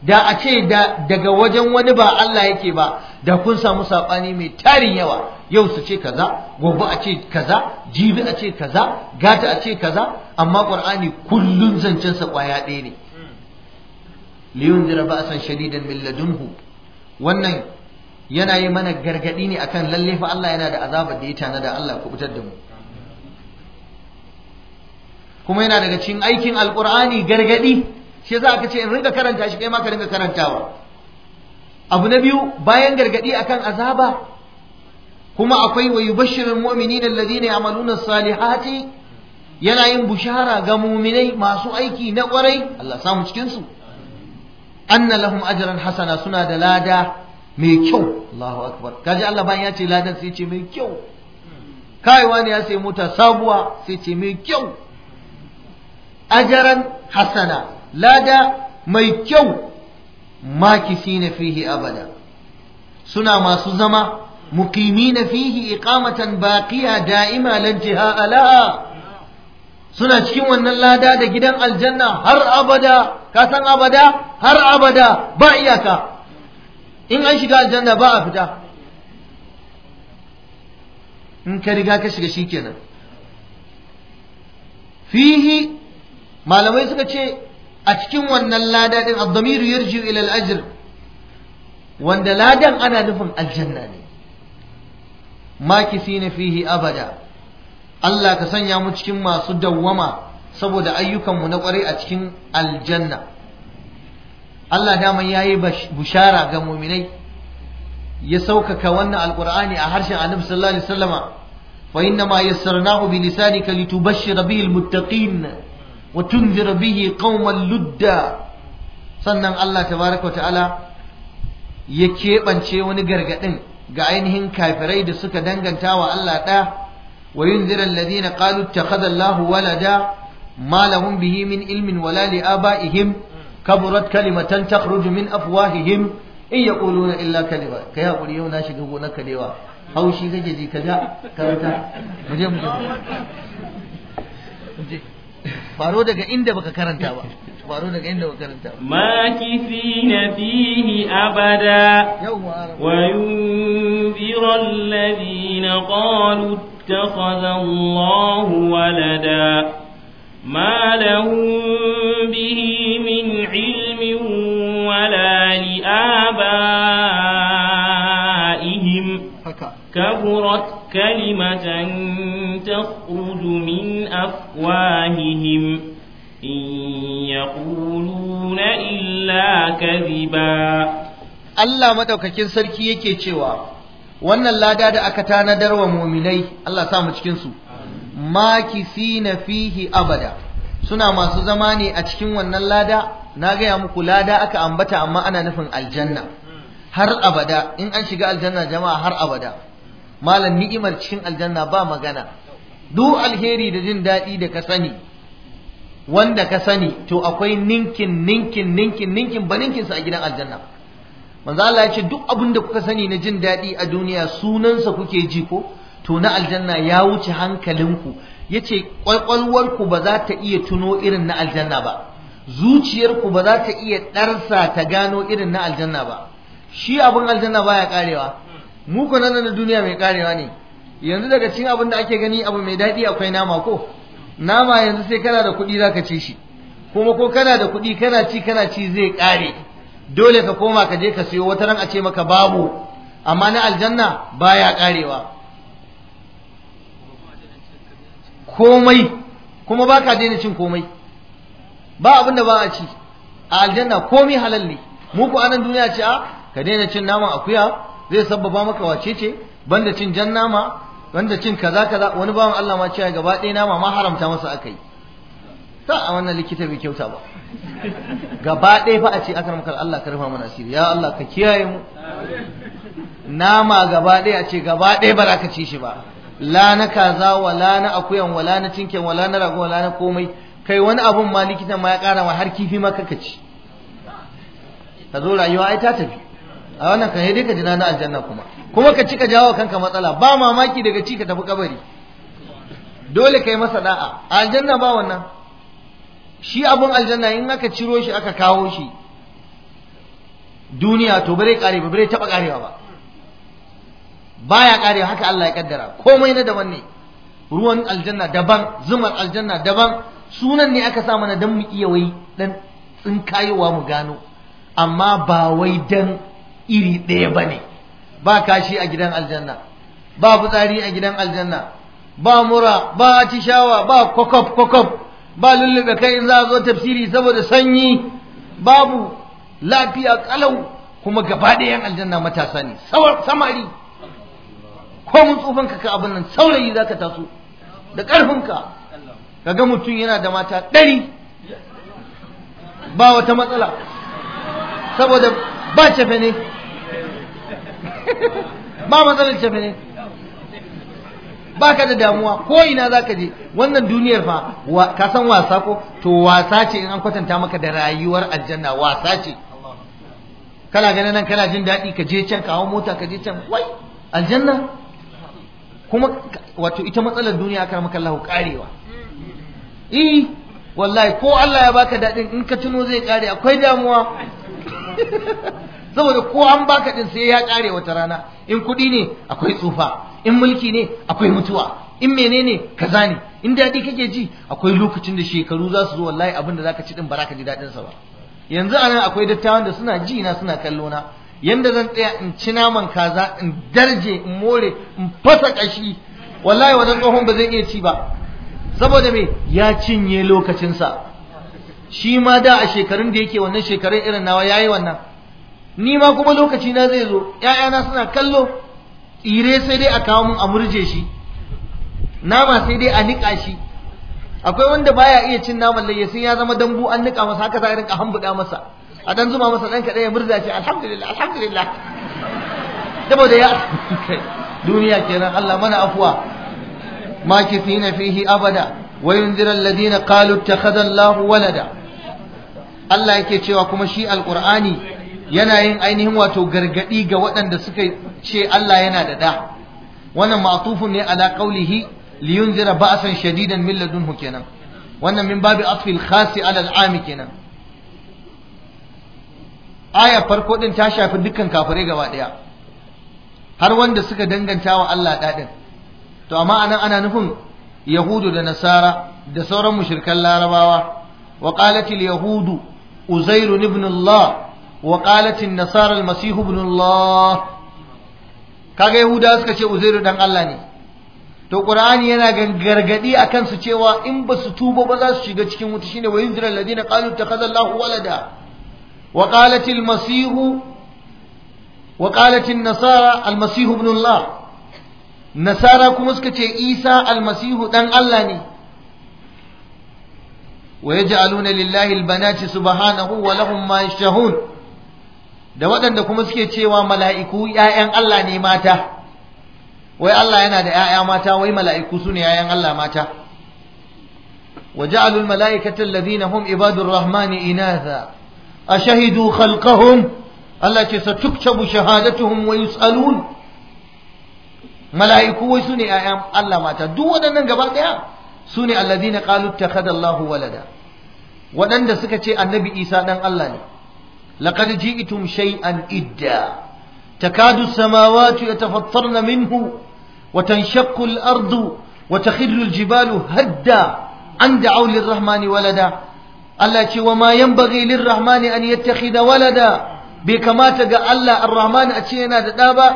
da a ce daga wajen wani ba Allah yake ba da kun samu saɓani mai tarin yawa yau su ce kaza gobe a ce kaza jibi a ce kaza gata a ce kaza amma ƙur'ani kullum zancensa ƙwaya ɗaya ne liyun dira ba san shadidan min ladunhu wannan yana yi mana gargaɗi ne akan lalle fa Allah yana da azaba da ya tana da Allah fitar da mu kuma yana daga cikin aikin alƙur'ani gargaɗi shi za ka ce in rinka karanta shi kai ma ka ringa karantawa abu na biyu bayan gargadi akan azaba kuma akwai wa yubashshirul mu'minina alladhina ya'maluna salihati yana yin bushara ga muminai masu aiki na kwarai Allah samu cikin su anna lahum ajran hasana suna da lada mai kyau Allahu akbar kaji Allah bayan ya ce ladan sai ce mai kyau kai ne ya sai mota sabuwa sai ce mai kyau ajaran hasana lada mai kyau makisi na fihi abada suna masu zama mukimi na fihi iqamatan baqiya da'ima lan alaha suna cikin wannan lada da gidan aljanna har abada ka san abada har abada ba iyaka in an shiga aljanna ba a fita in ka riga ka shiga shikenan fihi malamai suka ce a cikin wannan lada din ad yarji yarji'u ila al-ajr wanda ladan ana nufin aljanna ne makisina fihi abada Allah ka sanya mu cikin masu dawwama saboda ayyukanmu na kwarai a cikin aljanna Allah daman yayi yi bushara ga muminai ya saukaka wannan alkur'ani a harshen annabi sallallahu alaihi wasallama fa inna ma yassarnahu bi lisanika litubashshira bihi almuttaqin wa tunzira bihi qauman ludda sannan Allah tabaraka ta'ala ya keɓance wani gargaɗin ga ainihin kafirai da suka danganta wa Allah ɗaya wa yunzira alladhina qalu ittakhadha Allahu walada ma lahum bihi min ilmin wala li abaihim kaburat kalimatan takhruju min afwahihim in yaquluna illa kalima kai hakuri yau na shiga gonar kalewa haushi kake ji kaza karanta mu je faro daga inda baka karanta ba faro daga inda baka karanta ba makifina fihi abada wa yunziru alladhina qalu ittakhadha Allahu walada ما لهم به من علم ولا لآبائهم كبرت كلمة تخرج من أفواههم إن يقولون إلا كذبا Allah madaukakin sarki yake cewa wannan lada da aka tanadar wa muminai Allah sa mu cikin su makisina fihi abada suna masu zama ne a cikin wannan lada na gaya muku lada aka ambata amma ana nufin aljanna har abada in an shiga aljanna jama'a har abada malam ni'imar cikin aljanna ba magana duk alheri da jin daɗi da ka sani wanda ka sani to akwai ninkin ninkin ninkin ninkin ba ninkin sa a gidan aljanna manzo Allah ya ce duk abin da kuka sani na jin daɗi a duniya sunansa kuke ji ko to na aljanna ya wuce hankalinku yace kwakwalwarku ba za ta iya tuno irin na aljanna ba zuciyarku ba za ta iya ɗarsa ta gano irin na aljanna ba shi abin aljanna baya karewa mu ko nan na duniya mai karewa ne yanzu daga cin abin da ake gani abu mai daɗi akwai nama ko nama yanzu sai kana da kuɗi zaka ci shi kuma ko kana da kuɗi kana ci kana ci zai ƙare dole ka koma ka je ka siyo wata ran a ce maka babu amma na aljanna baya ƙarewa komai kuma ba ka daina cin komai ba abin da ba a ci a aljanna komai halal ne mu ku anan duniya ce a ah, ka daina cin naman akuya zai sababa maka wace ce banda cin jan nama banda cin kaza kaza wani bawan Allah ma cewa gaba ɗaya nama ma haramta masa yi ta a wannan likita bai kyauta ba gaba ɗaya fa a ce aka maka Allah ka rufa mana asiri ya Allah ka kiyaye mu nama gaba ɗaya a ce gaba ɗaya ba za ka ci shi ba la na kaza wa la na akuyan wa la na cinken wa la na rago wa la na komai kai wani abun ma likitan ma ya ƙara ma har kifi ma kaka ci ka zo rayuwa ai ta tafi a wannan ka dai ka jina na aljanna kuma kuma ka ci ka jawo kanka matsala ba mamaki daga ci ka tafi kabari dole kai masa da'a aljanna ba wannan shi abun aljanna in aka ciro shi aka kawo shi duniya to bare kare ba bare taba karewa ba baya karewa haka Allah ya kaddara komai na daban ne ruwan aljanna daban zumar aljanna daban sunan ne aka sa mana dan mu iya wai dan tsinkayewa mu gano amma ba wai dan iri ɗaya ba ne ba kashi a gidan aljanna ba fitsari a gidan aljanna ba mura ba atishawa ba kwakwaf kwakwaf ba lullube kai in za a zo tafsiri saboda sanyi babu lafiya kalau kuma gaba ɗayan aljanna matasa ne samari ko mun tsufanka ka abin nan saurayi za ka taso da ƙarfinka ga mutum yana da mata ɗari ba wata matsala saboda ba cefe ne ba matsalar cefe ne ba ka da damuwa ko ina za ka je wannan duniyar fa ka san wasa ko to wasa ce in an kwatanta maka da rayuwar aljanna wasa ce kana ganin nan kana jin daɗi ka je can kawo mota ka je can wai aljanna kuma wato ita matsalar duniya aka maka Allah karewa eh wallahi ko Allah ya baka daɗin in ka tuno zai kare akwai damuwa saboda ko an baka din sai ya kare wata rana in kuɗi ne akwai tsufa in mulki ne akwai mutuwa in menene kaza ne in daɗi kake ji akwai lokacin da shekaru za su zo wallahi abin da zaka ci din ba ji daɗin sa ba yanzu anan akwai dattawan da suna ji na suna kallo na yanda zan tsaya in ci naman kaza in darje in more in fasa kashi wallahi wajen tsohon ba zai iya ci ba saboda me ya cinye lokacinsa shi ma da a shekarun da yake wannan shekarun irin nawa yayi wannan ni ma kuma lokaci na zai zo ƴaƴana suna kallo tsire sai dai a kawo mun a murje shi nama sai dai a niƙa shi akwai wanda baya iya cin naman layya sai ya zama dambu an niƙa masa haka za a rinka hambuɗa masa a ɗan zuma masa ɗan kaɗai ya murza ce alhamdulillah alhamdulillah saboda ya duniya kenan Allah mana afuwa ma kifina fihi abada وينذر الذين قالوا Allah yake cewa kuma shi alkur'ani yana yin ainihin wato gargadi ga waɗanda suka ce Allah yana da da wannan ma'tufun ne ala qawlihi liyunzira ba'san shadidan min ladunhu kenan wannan min babi atfil khasi ala al'ami kenan aya farko din ta shafi dukkan kafirai gaba daya har wanda suka danganta wa Allah dadin to amma anan ana nufin yahudu da nasara da sauran mushrikan larabawa wa qalatil yahudu uzairu ibn Allah wa qalat an-nasara al-masih ibn kaga yahuda suka ce uzairu dan Allah ne to qur'ani yana gargadi akan su cewa in ba su tuba ba za su shiga cikin wuta shine wa yunzira alladhina qalu takhadha Allahu walada wa qalat al-masih wa qalat an-nasara al-masih ibn Allah nasara kuma suka ce Isa al-masih dan Allah ne ويجعلون لله البنات سبحانه ولهم ما يشتهون da waɗanda kuma suke cewa mala'iku ‘ya'yan Allah ne mata, wai Allah yana da ‘ya'ya mata, wai mala'iku su ne ‘ya'yan Allah mata. Waje alul mala'ikatan lazina hum ibadun rahmani ina za? a shahidu khalqahum Allah ce sa tukcabu shahadatuhum wa yus'alun mala'iku wai su ne ‘ya'yan Allah mata, duk waɗannan gaba ɗaya su ne alladina qalu takhadallahu walada waɗanda suka ce annabi isa ɗan Allah ne laqad ji'tum shay'an idda takadu samawati yatafattarna minhu wa tanshaqqu al-ardu wa takhirru al-jibalu hadda an da'u lir-rahmani walada Allah ce wa ma yanbaghi lir-rahmani an yattakhidha walada bai kamata ga Allah ar-rahman a ce yana da ɗa ba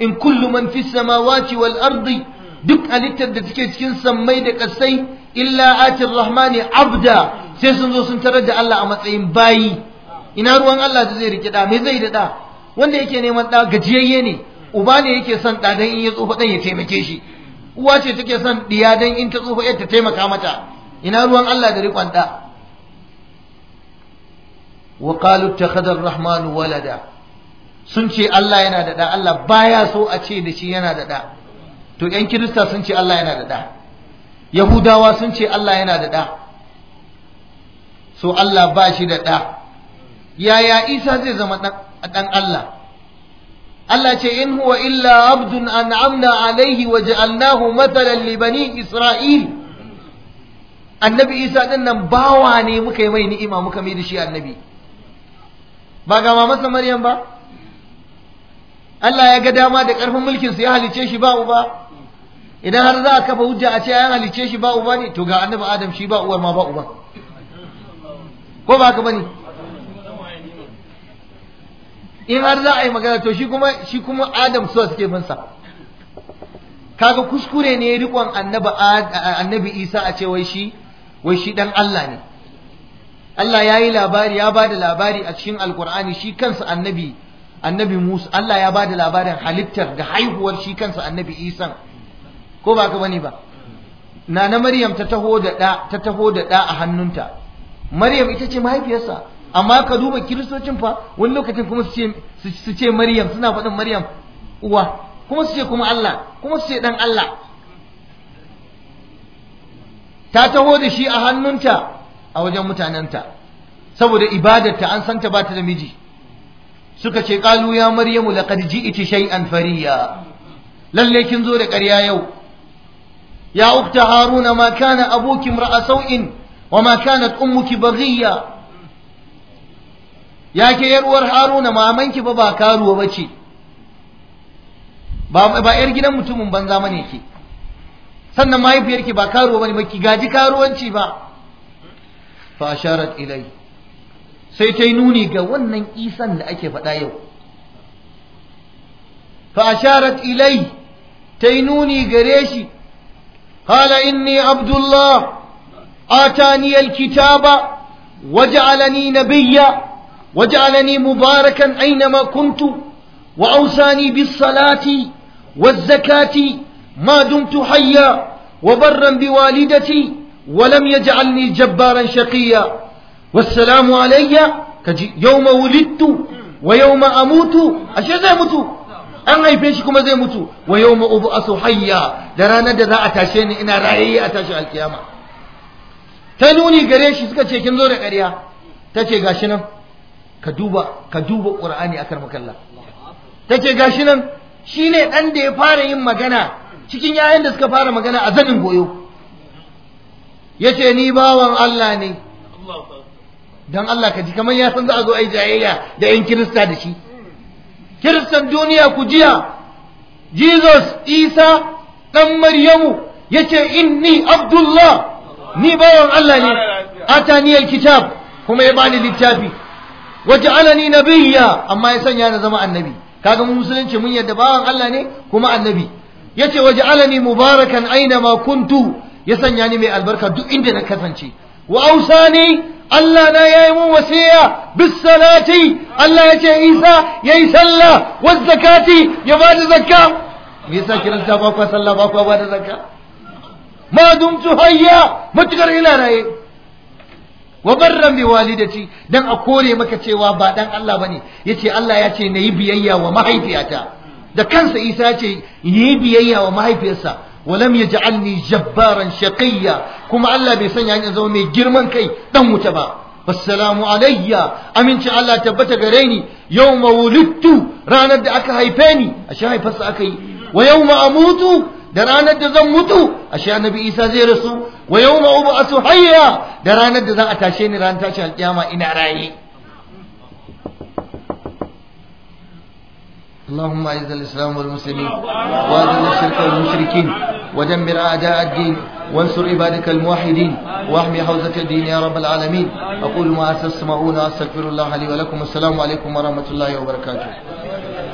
in kullu man fis samawati wal ardi duk halittar da take cikin sammai da ƙasai illa atir rahmani abda sai sun zo sun tarar da Allah a matsayin bayi ina ruwan Allah da zai riƙe da me zai da wanda yake neman da gajiyayye ne uba ne yake son da dan in ya tsufa dan ya taimake shi uwa ce take son diya dan in ta tsufa ta taimaka mata ina ruwan Allah da riƙon da wa qalu ittakhadha rahmanu walada sun ce Allah yana da ɗa, Allah baya so a ce da shi yana da ɗa. to yan kirista sun ce Allah yana da ɗa yahudawa sun ce Allah yana da ɗa so Allah ba shi da ɗa yaya isa zai zama ɗan Allah Allah ce in huwa illa abdun amna alaihi wa ja'alnahu matalan li bani isra'il annabi isa din nan bawa ne muka yi mai ni'ima muka mai da shi annabi ba ga masa maryam ba Allah ya ga dama da ƙarfin mulkin su ya halice shi ba uba idan har za a kafa hujja a ce an halice shi ba uba ne to ga annabi adam shi ba uwar ma ba uba ko ba ka bane in har za a yi magana to shi kuma shi kuma adam suwa suke bin sa kaga kuskure ne rikon annabi annabi isa a ce wai shi wai shi dan Allah ne Allah ya yi labari ya bada labari a cikin alkur'ani shi kansa annabi annabi Musa Allah ya bada labarin halittar da haihuwar shi kansa annabi Isa ko ba ka bane ba nana maryam ta taho da ɗa ta taho da da a hannunta maryam ita ce mahaifiyarsa amma ka duba kiristocin fa wani lokacin kuma su ce maryam suna faɗin maryam uwa kuma su ce kuma allah kuma su ce ɗan allah ta taho da shi a hannunta a wajen mutanenta saboda ibadarta an santa ba ta da miji suka ce ƙalu ya maryamu laqad ji'ti shay'an fariya lalle kin zo da ƙarya yau يا أخت هارون ما كان أبوك امرأ سوء وما كانت أمك بغية يا كير ور هارون ما منك بابا كارو وبشي ba yar gidan mutumin banza mane ke sannan mahaifiyarki ba karuwa ba bane baki gaji karuwanci ba fa asharat ilai sai ta yi nuni ga wannan isan da ake faɗa yau fa asharat ilai ta yi nuni gare shi قال إني عبد الله آتاني الكتاب وجعلني نبيا وجعلني مباركا أينما كنت وأوصاني بالصلاة والزكاة ما دمت حيا وبرا بوالدتي ولم يجعلني جبارا شقيا والسلام علي يوم ولدت ويوم أموت أشهد أموت an haife shi kuma zai mutu wa yawma ub'asu hayya da ranar da za a tashe ni ina rayayye a tashin alkiyama ta nuni gare shi suka ce kin zo da ƙarya ta ce gashi nan ka duba ka duba qur'ani akar makalla ta ce gashi nan shine dan da ya fara yin magana cikin yayan da suka fara magana a zanin goyo yace ni bawan Allah ne dan Allah ka ji kamar ya san za a zo ai jayayya da yan kirista da shi kiristan duniya ku jiya jesus isa ɗan maryamu ya ce inni abdullah ni bawan allah ne ataniyar kitab kuma ya bani littafi waje na nabiyya amma ya sanya na zama annabi kaga mu musulunci mun yadda bawan allah ne kuma annabi ya ce waje alani mubarakan aina ma kuntu ya sanya ni mai albarka duk inda na kasance wa ausani Allah na yayi mun wasiya bis salati Allah yace Isa yayi sallah waz zakati ya da zakka me yasa kiran ta ba ku sallah ba ku bada zakka ma dumtu hayya matukar ina raye wa barran bi walidati dan a kore maka cewa ba dan Allah bane yace Allah ya ce nayi biyayya wa mahaifiyata da kansa Isa ya ce yi biyayya wa mahaifiyarsa walam yaj'alni jabbaran shaqiyya kuma Allah bai sanya ni zama mai girman kai ɗan wuta ba wassalamu alayya aminci Allah tabbata gare ni yawma wulidtu ranar da aka haife ni ashe haifarsa aka yi wa a mutu da ranar da zan mutu ashe annabi Isa zai rasu wa yawma ub'atu hayya da ranar da za a tashe ni ran tashi alkiyama ina raye اللهم اعز الاسلام والمسلمين واذل الشرك والمشركين ودمر اعداء الدين وانصر عبادك الموحدين واحمي حوزة الدين يا رب العالمين اقول ما تسمعون استغفر الله لي ولكم السلام عليكم ورحمه الله وبركاته